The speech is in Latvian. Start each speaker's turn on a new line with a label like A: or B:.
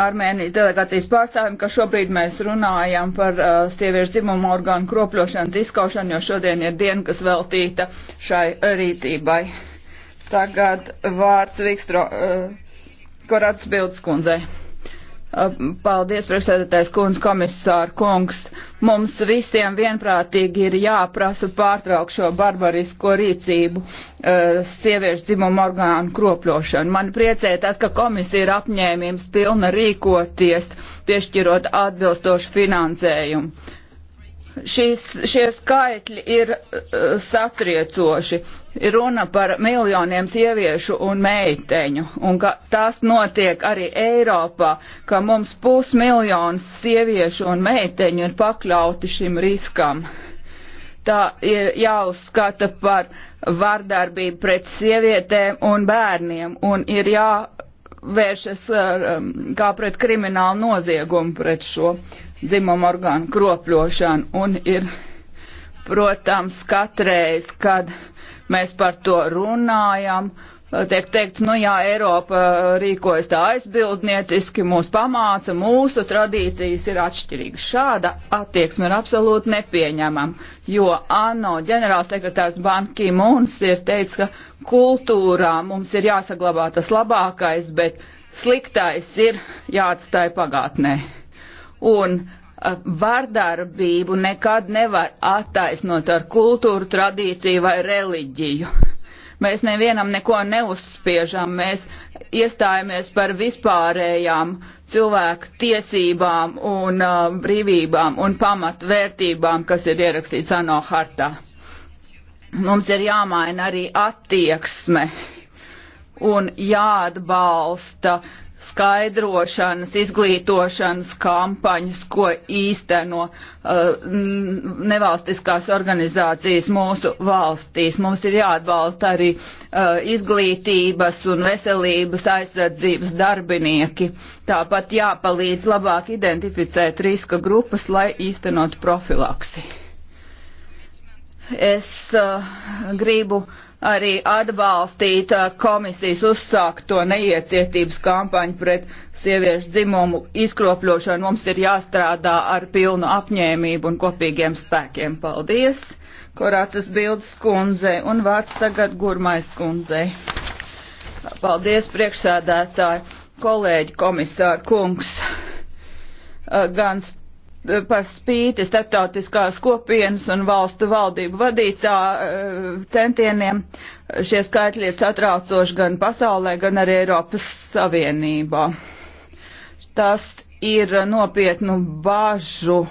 A: Armēnijas delegācijas pārstāvim, ka šobrīd mēs runājam par uh, sieviešu dzimumu orgānu kropļošanas izskaušanu, jo šodien ir diena, kas veltīta šai rīcībai. Tagad vārds Vikstro uh, Korats Bildskundzei. Paldies, priekšsēdētājs kundz, komisāra kungs. Mums visiem vienprātīgi ir jāprasa pārtraukt šo barbarisko rīcību, e, sieviešu dzimumu orgānu kropļošanu. Man priecē tas, ka komisija ir apņēmības pilna rīkoties, piešķirot atbilstošu finansējumu šīs, šie skaitļi ir eh, satriecoši. Ir runa par miljoniem sieviešu un meiteņu, un ka tas notiek arī Eiropā, ka mums pusmiljons sieviešu un meiteņu ir pakļauti šim riskam. Tā ir jāuzskata par vardarbību pret sievietēm un bērniem, un ir jā vēršas uh, um, kā pret kriminālu noziegumu, pret šo dzimumu orgānu kropļošanu. Un ir, protams, katreiz, kad mēs par to runājam, uh, tiek teikt, nu jā, Eiropa uh, rīkojas tā aizbildnieciski, mūs pamāca, mūsu tradīcijas ir atšķirīgas. Šāda attieksme ir absolūti nepieņemama jo ANO ģenerālsekretārs Banki Mūns ir teicis, ka kultūrā mums ir jāsaglabā tas labākais, bet sliktais ir jāatstāj pagātnē. Un eh, vardarbību nekad nevar attaisnot ar kultūru, tradīciju vai reliģiju Mēs nevienam neko neuzspiežam, mēs iestājamies par vispārējām cilvēku tiesībām un uh, brīvībām un pamatvērtībām, kas ir ierakstīts ANO hartā. Mums ir jāmaina arī attieksme un jāatbalsta uh, skaidrošanas, izglītošanas kampaņas, ko īsteno uh, nevalstiskās organizācijas mūsu valstīs. Mums ir jāatbalsta arī uh, izglītības un veselības aizsardzības darbinieki. Tāpat jāpalīdz labāk identificēt riska grupas, lai īstenot profilaksi. Es uh, gribu arī atbalstīt uh, komisijas uzsākto neiecietības kampaņu pret sieviešu dzimumu izkropļošanu. Mums ir jāstrādā ar pilnu apņēmību un kopīgiem spēkiem. Paldies, Korācas Bildes kundzei un vārds tagad Gurmais kundzei. Paldies, priekšsēdētāji, kolēģi, komisāri, kungs. Uh, gan par spīti starptautiskās kopienas un valstu valdību vadītā eh, centieniem šie skaitļi ir satraucoši gan pasaulē, gan arī Eiropas Savienībā. Tas ir nopietnu bažu